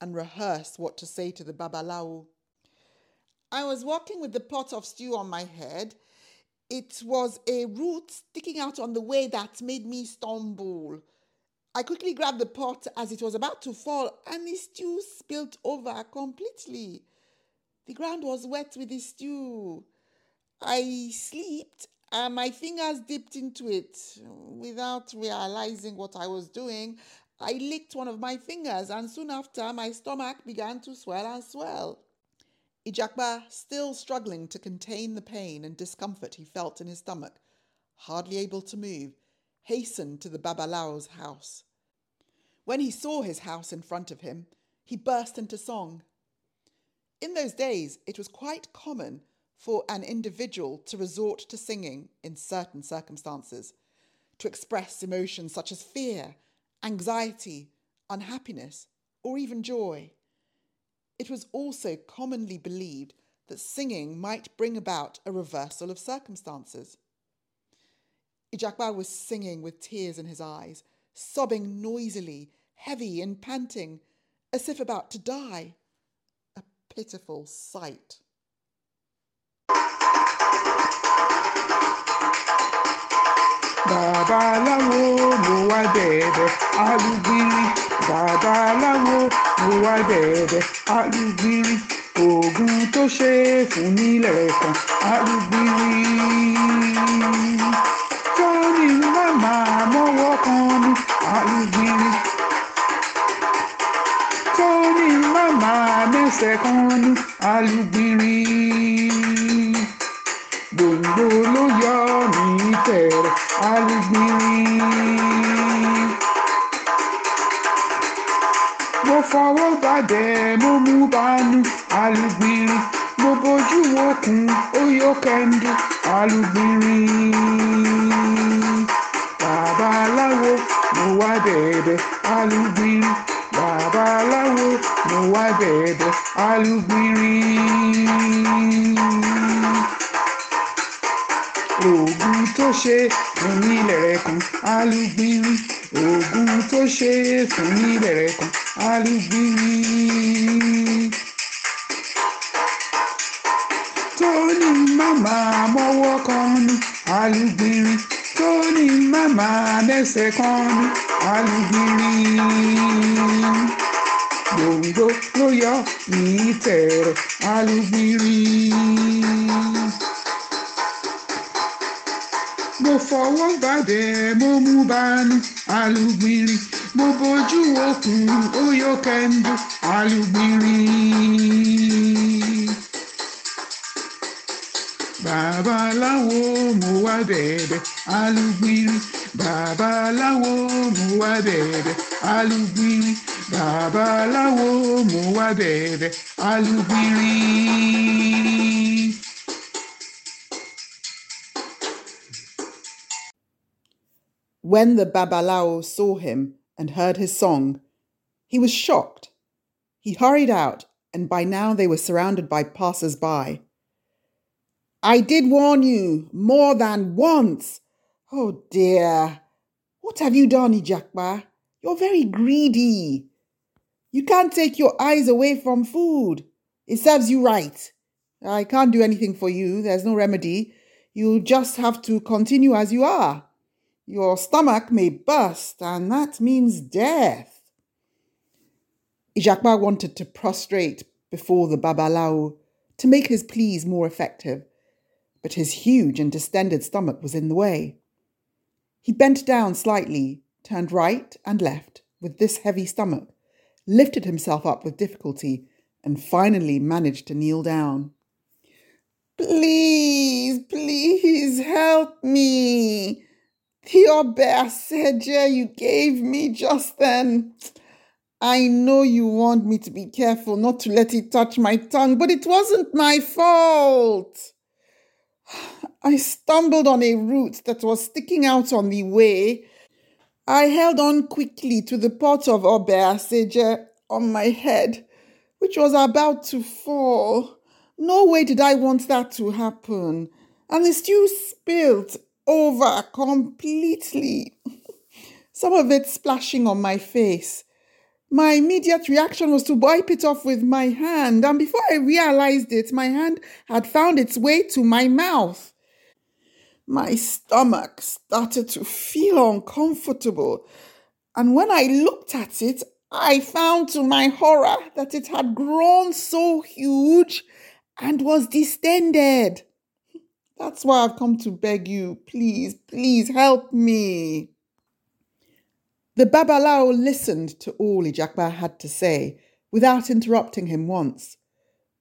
and rehearsed what to say to the Babalao. I was walking with the pot of stew on my head. It was a root sticking out on the way that made me stumble. I quickly grabbed the pot as it was about to fall, and the stew spilled over completely. The ground was wet with the stew. I slept, and my fingers dipped into it without realizing what I was doing. I licked one of my fingers, and soon after, my stomach began to swell and swell. Ijakba, still struggling to contain the pain and discomfort he felt in his stomach, hardly able to move, hastened to the Babalao's house. When he saw his house in front of him, he burst into song. In those days, it was quite common for an individual to resort to singing in certain circumstances to express emotions such as fear, anxiety, unhappiness, or even joy. It was also commonly believed that singing might bring about a reversal of circumstances. Ijakba was singing with tears in his eyes, sobbing noisily, heavy and panting, as if about to die pitiful sight. babaláwo tó ṣe é fún nílẹ̀ kan alùgbìnrin tó ní má máa mọ́wọ́ kan ní alùgbìnrin. máa mẹ́sẹ̀ kan ní alùgbìnrin gbòǹgbò ló yọ ní tẹ̀rẹ̀ alùgbìnrin. mo fọwọ́ bàdẹ̀ mo mú bánú alùgbìnrin mo bójú wòkun ó yọ kẹ́ńdú alùgbìnrin babaláwo mo wá bẹ̀ẹ̀bẹ̀ alùgbìnrin babaláwo mo wá bẹ̀ẹ̀bẹ̀ alúgbìnrin. oògùn tó ṣe fún ní lẹ̀rẹ̀kùn alúgbìnrin oògùn tó ṣe fún ní lẹ̀rẹ̀kùn alúgbìnrin. tó ní màmá mọ́wọ́ kan ní alúgbìnrin tó ní màmá lẹ́sẹ̀ kan ní alùgìrì gbòǹgbò ló yọ ní tẹ̀rẹ̀ alùgìrì. mo fọwọ́ bàdẹ mo mú bánú alùgìrì mo bojú okùn ó kẹ́ńdú alùgìrì. babaláwo mo wá bẹ̀bẹ̀ alùgbìnrin babaláwo mo wá bẹ̀bẹ̀ alùgbìnrin babaláwo mo wá bẹ̀bẹ̀ alùgbìnrin. When the babalao saw him and heard his song, he was shocked. He hurried out, and by now they were surrounded by passers by. I did warn you more than once. Oh dear. What have you done, Ijakba? You're very greedy. You can't take your eyes away from food. It serves you right. I can't do anything for you. There's no remedy. You'll just have to continue as you are. Your stomach may burst, and that means death. Ijakba wanted to prostrate before the Babalao to make his pleas more effective but his huge and distended stomach was in the way. He bent down slightly, turned right and left with this heavy stomach, lifted himself up with difficulty, and finally managed to kneel down. Please, please help me. The Aubert you gave me just then. I know you want me to be careful not to let it touch my tongue, but it wasn't my fault. *sighs* I stumbled on a root that was sticking out on the way. I held on quickly to the pot of aubergine uh, on my head, which was about to fall. No way did I want that to happen. And the stew spilled over completely, *laughs* some of it splashing on my face my immediate reaction was to wipe it off with my hand. And before I realized it, my hand had found its way to my mouth. My stomach started to feel uncomfortable. And when I looked at it, I found to my horror that it had grown so huge and was distended. That's why I've come to beg you, please, please help me. The Babalao listened to all Ijakba had to say without interrupting him once,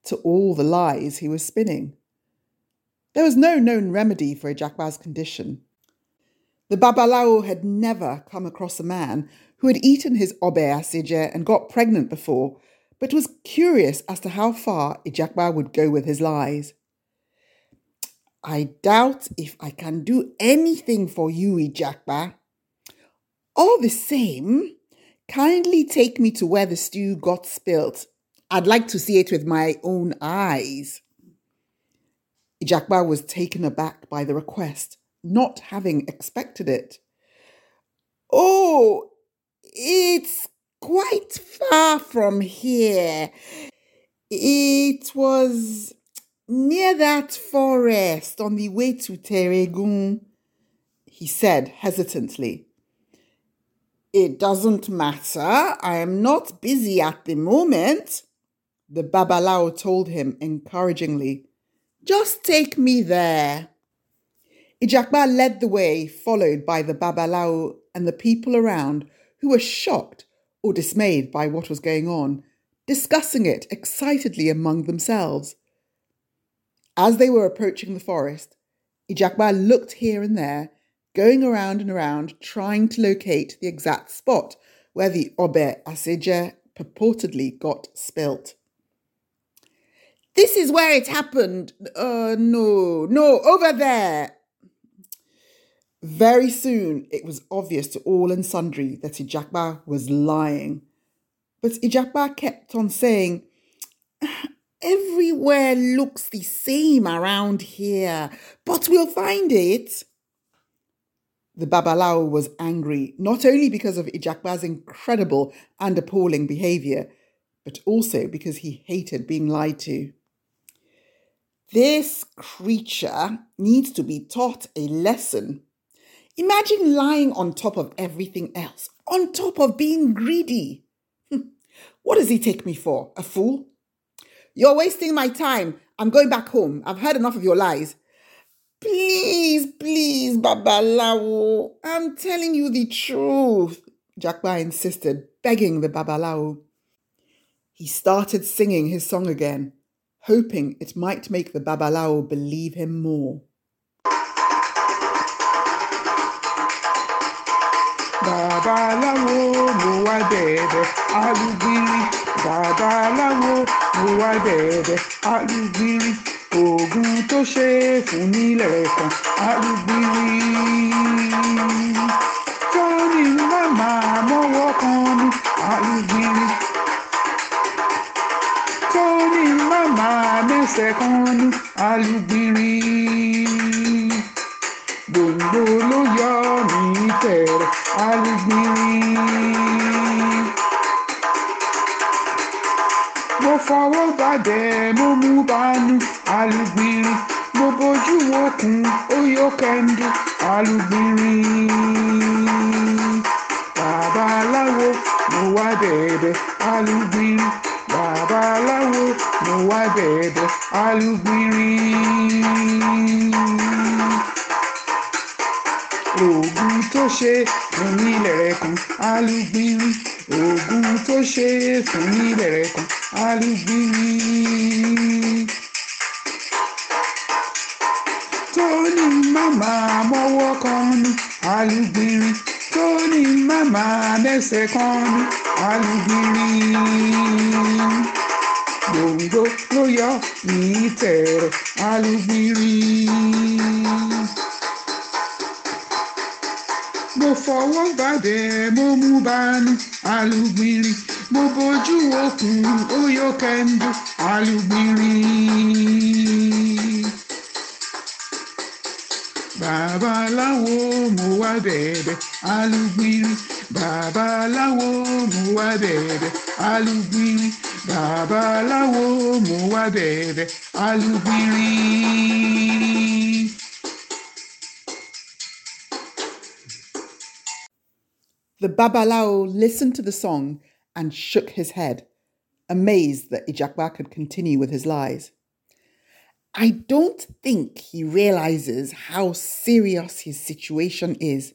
to all the lies he was spinning. There was no known remedy for Ijakba's condition. The Babalao had never come across a man who had eaten his obe asije and got pregnant before, but was curious as to how far Ijakba would go with his lies. I doubt if I can do anything for you, Ijakba, all the same, kindly take me to where the stew got spilt. I'd like to see it with my own eyes. Jakba was taken aback by the request, not having expected it. Oh, it's quite far from here. It was near that forest on the way to Teregun, he said hesitantly. It doesn't matter. I am not busy at the moment, the Babalao told him encouragingly. Just take me there. Ijakba led the way, followed by the Babalao and the people around who were shocked or dismayed by what was going on, discussing it excitedly among themselves. As they were approaching the forest, Ijakba looked here and there going around and around trying to locate the exact spot where the Ober Asige purportedly got spilt. This is where it happened. Uh, no, no, over there. Very soon, it was obvious to all and sundry that Ijakba was lying. But Ijakba kept on saying, *sighs* Everywhere looks the same around here, but we'll find it the Babalao was angry, not only because of Ijakba's incredible and appalling behaviour, but also because he hated being lied to. This creature needs to be taught a lesson. Imagine lying on top of everything else, on top of being greedy. Hmm. what does he take me for? A fool? You're wasting my time. I'm going back home. I've heard enough of your lies. Please, please, Babalawo, I'm telling you the truth, Jakba insisted, begging the Babalawo. He started singing his song again, hoping it might make the Babalawo believe him more. Babaláwo mo bẹ̀bẹ̀ alugiri. babaláwo mo bẹ̀bẹ̀ alugiri. oògùn tó ṣe é fún nílẹ̀ kan arúgbìrì. sọ́ni má máa mọ́wọ́ kan ní arúgbìrì. sọ́ni má máa mẹ́sẹ̀ kan ní arúgbìrì. gbòǹgbò ló yọ ní tẹ̀rẹ̀ arúgbìrì. mo fọwọ́ bàdẹ̀ mo mú bánú alùgbìnrin mo bojú wọ̀kùn ó yọ kẹ́ńdú alùgbìnrin babaláwo mo wá bẹ̀ẹ̀bẹ̀ alùgbìnrin babaláwo mo wá bẹ̀ẹ̀bẹ̀ alùgbìnrin oògùn tó ṣe fún ní lẹ̀rẹ̀kùn alùgbìnrin oògùn tó ṣe fún ní lẹ̀rẹ̀kùn alùgbìnrin. ní mama mọ́wọ́ kan ní alùgbìnrin tó ní màmá lẹ́sẹ̀ kan ní alùgbìnrin gbòǹgbò ló yọ ní tẹ̀rẹ̀ alùgbìnrin. mo fọwọ́ gbàdé mo mú bani alùgbìnrin mo bójú òkun ó yọ kẹ́ńdú alùgbìnrin. babaláwo mo wá bẹ̀bẹ̀ alùgbìnrin babaláwo mo wá bẹ̀bẹ̀ alùgbìnrin babaláwo mo wá bẹ̀bẹ̀ alùgbìnrin. The babalao listened to the song and shook his head, amazed that Ijakwa could continue with his lies. I don't think he realizes how serious his situation is.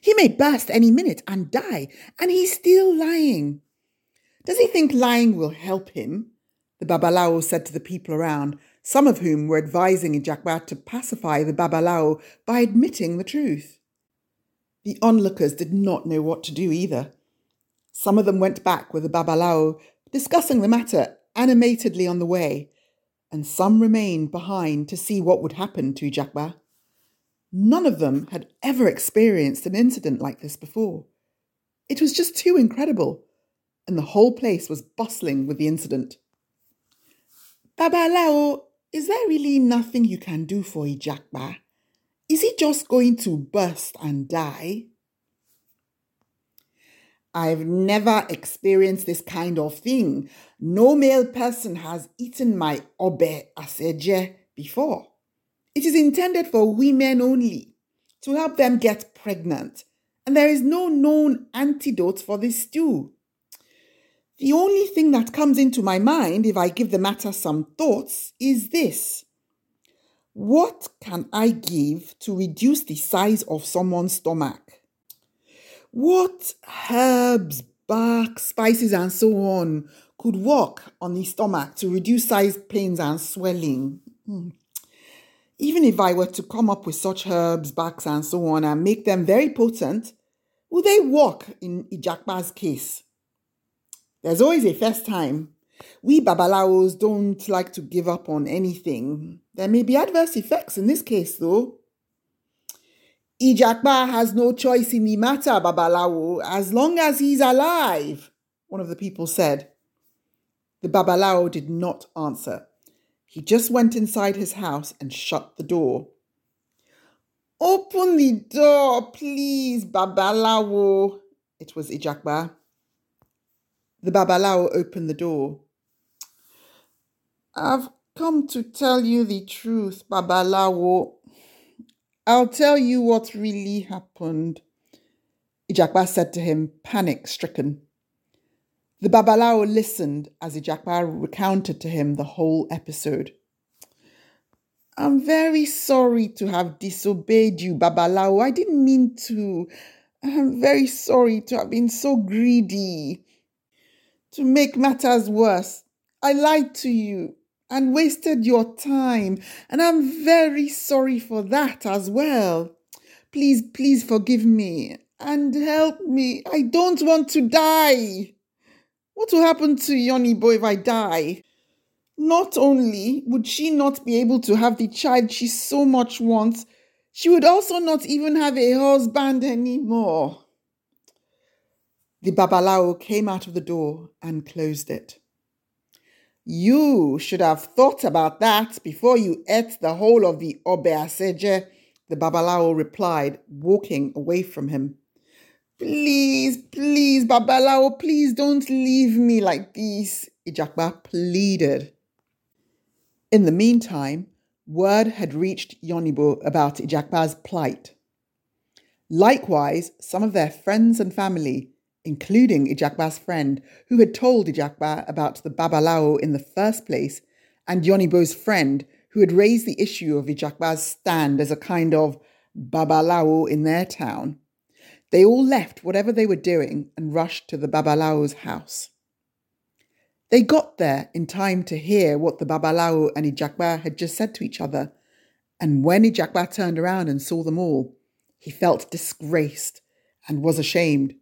He may burst any minute and die, and he's still lying. Does he think lying will help him? The Babalao said to the people around, some of whom were advising Ijakwa to pacify the Babalao by admitting the truth. The onlookers did not know what to do either. Some of them went back with the Babalao, discussing the matter animatedly on the way, and some remained behind to see what would happen to Jakba. None of them had ever experienced an incident like this before. It was just too incredible, and the whole place was bustling with the incident. Baba Lao, is there really nothing you can do for Ijakba? Is he just going to burst and die? I've never experienced this kind of thing. No male person has eaten my obe aseje before. It is intended for women only to help them get pregnant, and there is no known antidote for this stew. The only thing that comes into my mind if I give the matter some thoughts is this What can I give to reduce the size of someone's stomach? What herbs, bark, spices, and so on could work on the stomach to reduce side pains and swelling? Hmm. Even if I were to come up with such herbs, barks, and so on and make them very potent, will they work in Ijakba's case? There's always a first time. We babalawos don't like to give up on anything. There may be adverse effects in this case, though. Ijakba has no choice in the matter, Babalawo, as long as he's alive, one of the people said. The Babalawo did not answer. He just went inside his house and shut the door. Open the door, please, Babalawo, it was Ijakba. The Babalawo opened the door. I've come to tell you the truth, Babalawo, I'll tell you what really happened. Ijakpa said to him, panic stricken. The Babalao listened as Ijakpa recounted to him the whole episode. I'm very sorry to have disobeyed you, Babalao. I didn't mean to. I'm very sorry to have been so greedy. To make matters worse, I lied to you and wasted your time. And I'm very sorry for that as well. Please, please forgive me and help me. I don't want to die. What will happen to boy if I die? Not only would she not be able to have the child she so much wants, she would also not even have a husband anymore. The babalao came out of the door and closed it. You should have thought about that before you ate the whole of the obeaseje, the Babalao replied, walking away from him. Please, please, Babalao, please don't leave me like this, Ijakba pleaded. In the meantime, word had reached Yonibo about Ijakba's plight. Likewise, some of their friends and family including Ijakba's friend, who had told Ijakba about the Babalao in the first place, and Yonibo's friend, who had raised the issue of Ijakba's stand as a kind of Babalao in their town. They all left whatever they were doing and rushed to the Babalao's house. They got there in time to hear what the Babalao and Ijakba had just said to each other, and when Ijakba turned around and saw them all, he felt disgraced and was ashamed.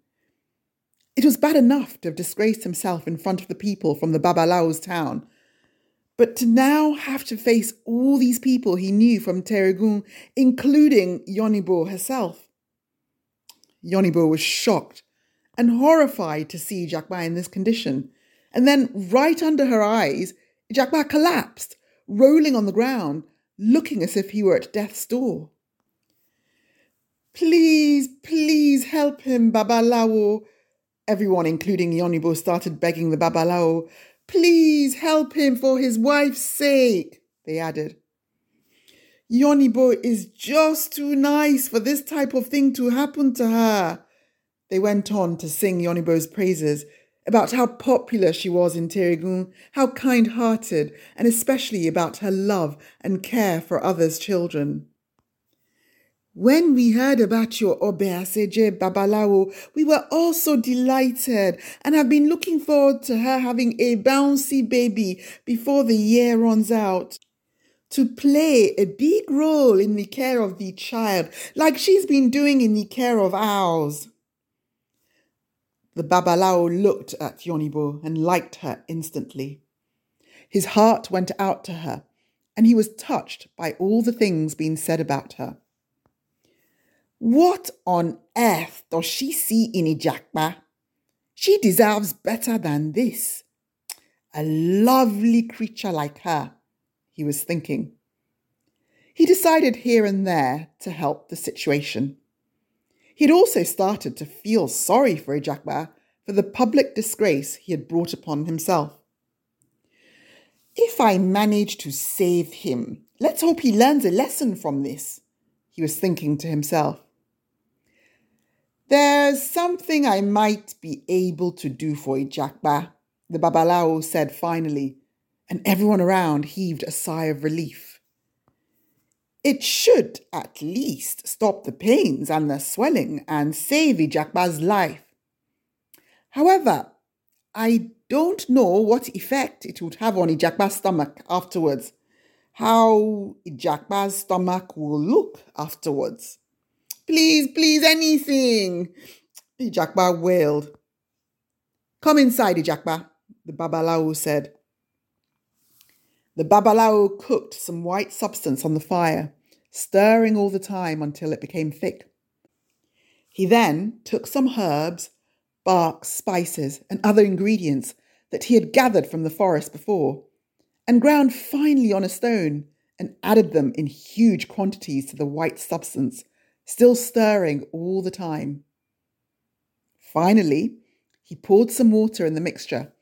It was bad enough to have disgraced himself in front of the people from the Babalao's town, but to now have to face all these people he knew from Teregun, including Yonibo herself. Yonibo was shocked and horrified to see Jakba in this condition. And then, right under her eyes, Jakba collapsed, rolling on the ground, looking as if he were at death's door. Please, please help him, Babalao. Everyone, including Yonibo, started begging the Babalao, Please help him for his wife's sake, they added. Yonibo is just too nice for this type of thing to happen to her. They went on to sing Yonibo's praises about how popular she was in Terigun, how kind hearted, and especially about her love and care for others' children. When we heard about your Obeaseje Babalawo, we were all so delighted and have been looking forward to her having a bouncy baby before the year runs out. To play a big role in the care of the child, like she's been doing in the care of ours. The Babalao looked at Yonibo and liked her instantly. His heart went out to her, and he was touched by all the things being said about her. What on earth does she see in Ijakpa? She deserves better than this. A lovely creature like her, he was thinking. He decided here and there to help the situation. He'd also started to feel sorry for Ijakpa for the public disgrace he had brought upon himself. If I manage to save him, let's hope he learns a lesson from this, he was thinking to himself. There's something I might be able to do for Ijakba, the Babalao said finally, and everyone around heaved a sigh of relief. It should at least stop the pains and the swelling and save Ijakba's life. However, I don't know what effect it would have on Ijakba's stomach afterwards, how Ijakba's stomach will look afterwards. Please, please, anything. Ijakba wailed. Come inside, Ijakba, the Babalao said. The Babalao cooked some white substance on the fire, stirring all the time until it became thick. He then took some herbs, bark, spices, and other ingredients that he had gathered from the forest before, and ground finely on a stone, and added them in huge quantities to the white substance still stirring all the time. Finally, he poured some water in the mixture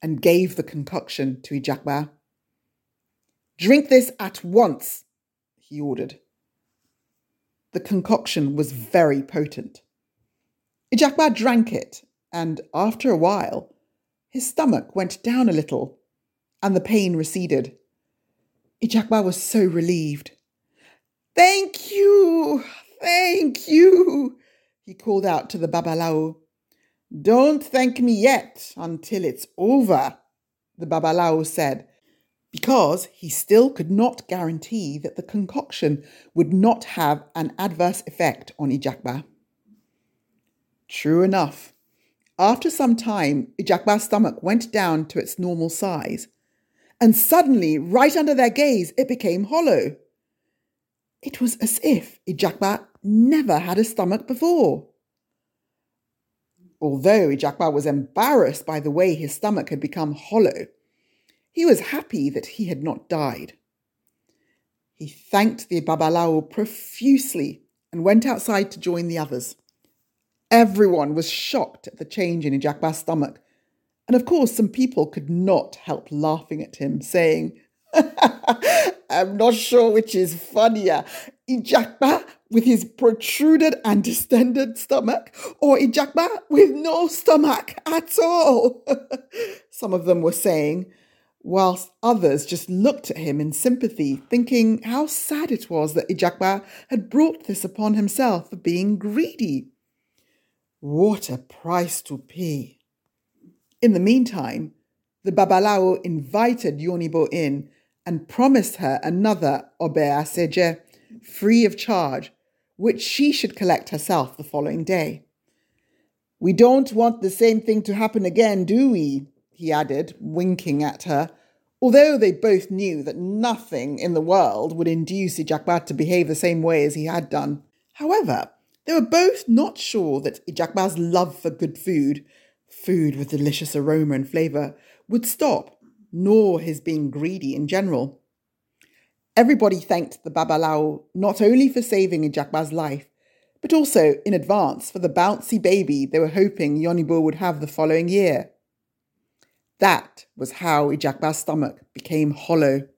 and gave the concoction to Ijakba. Drink this at once, he ordered. The concoction was very potent. Ijakba drank it, and after a while, his stomach went down a little and the pain receded. Ijakba was so relieved. Thank you, Thank you, he called out to the Babalao. Don't thank me yet until it's over, the Babalao said, because he still could not guarantee that the concoction would not have an adverse effect on Ijakba. True enough. After some time, Ijakba's stomach went down to its normal size, and suddenly, right under their gaze, it became hollow. It was as if Ijakba never had a stomach before. Although Ijakba was embarrassed by the way his stomach had become hollow, he was happy that he had not died. He thanked the Babalao profusely and went outside to join the others. Everyone was shocked at the change in Ijakba's stomach, and of course, some people could not help laughing at him, saying, *laughs* I'm not sure which is funnier, Ijakba with his protruded and distended stomach, or Ijakba with no stomach at all, *laughs* some of them were saying, whilst others just looked at him in sympathy, thinking how sad it was that Ijakba had brought this upon himself for being greedy. What a price to pay! In the meantime, the Babalao invited Yonibo in and promised her another obeaseje free of charge which she should collect herself the following day. We don't want the same thing to happen again, do we? he added, winking at her. Although they both knew that nothing in the world would induce Ijakbat to behave the same way as he had done. However, they were both not sure that Ijakbat's love for good food, food with delicious aroma and flavour, would stop, nor his being greedy in general. Everybody thanked the Babalao not only for saving Ijakba's life, but also in advance for the bouncy baby they were hoping Yonibo would have the following year. That was how Ijakba's stomach became hollow.